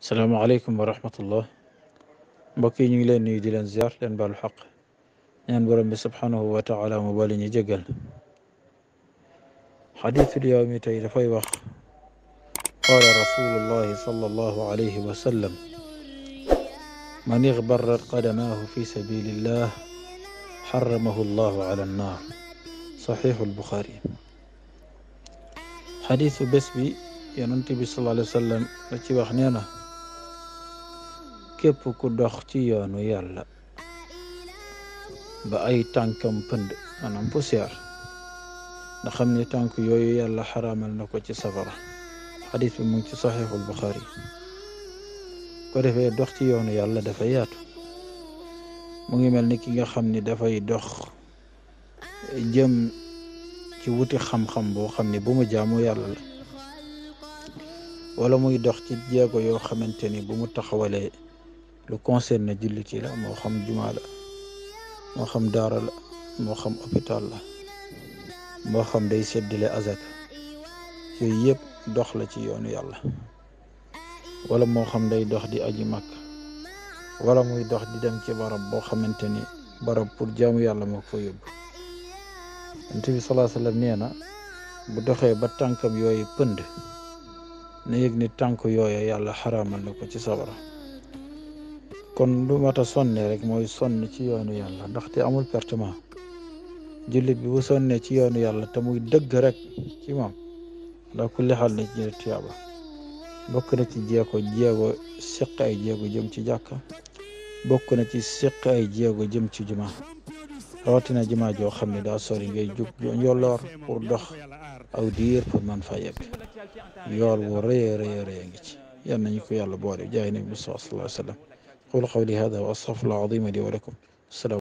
السلام عليكم ورحمة الله مبكي ني لين نوي دي لين زيار لين بال حق نان بروم سبحانه وتعالى مبالي ني جيغال حديث اليوم تاي دا فاي واخ قال رسول الله صلى الله عليه وسلم من يغبر قدماه في سبيل الله حرمه الله على النار صحيح البخاري حديث بسبي ينتبي صلى الله عليه وسلم لتي واخ képp ku dox ci yoonu yàlla ba ay tànkam pënd maanaam poussière xam ni tànk yooyu yàlla xaraamal na ko ci safara xadis bi mu ci saxiixul Buxaari ko defee dox ci yoonu yàlla dafa yaatu mu ngi mel ni ki nga xam ni dafay dox jëm ci wuti xam-xam boo xam ni bu mu jàmu yàlla la wala muy dox ci jéego yoo xamante ni bu mu taxawalee lu concerne jullit la mo xam jumaa la mo xam dara la mo xam hôpital la mo xam day seddale azak yooyu yëpp dox la ci yoonu yàlla wala mo xam day dox di aji mag wala muy dox di dem ci borom bo xamanteni borom pour jaamu yàlla mo ko yob nti bi sallallahu alayhi wasallam neena bu doxé ba tànkam yooyu pënd ne yegni tanku tànk yàlla xaraamal na ko ci sabara kon lu mat a sonne rek mooy sonn ci yoonu yàlla ndaxte amul pertement jullit bi wu sonne ci yoonu yàlla te muy dëgg rek ci moom ndax ku lexal na ci tuyaaba bokk na ci jéego jéego siq ay jéego jëm ci jàkka bokk na ci siq ay jéego jëm ci juma rawatina juma joo xam ne daa sori ngay jug njolloor dox aw diir pour man fa yegg yool wu rëy rëy rëy ngi ci yan nañu ko yàlla boole jaay nabi bi sallallahu alayhi wa sallam أقول قولي هذا وأستغفر الله العظيم لي ولكم السلام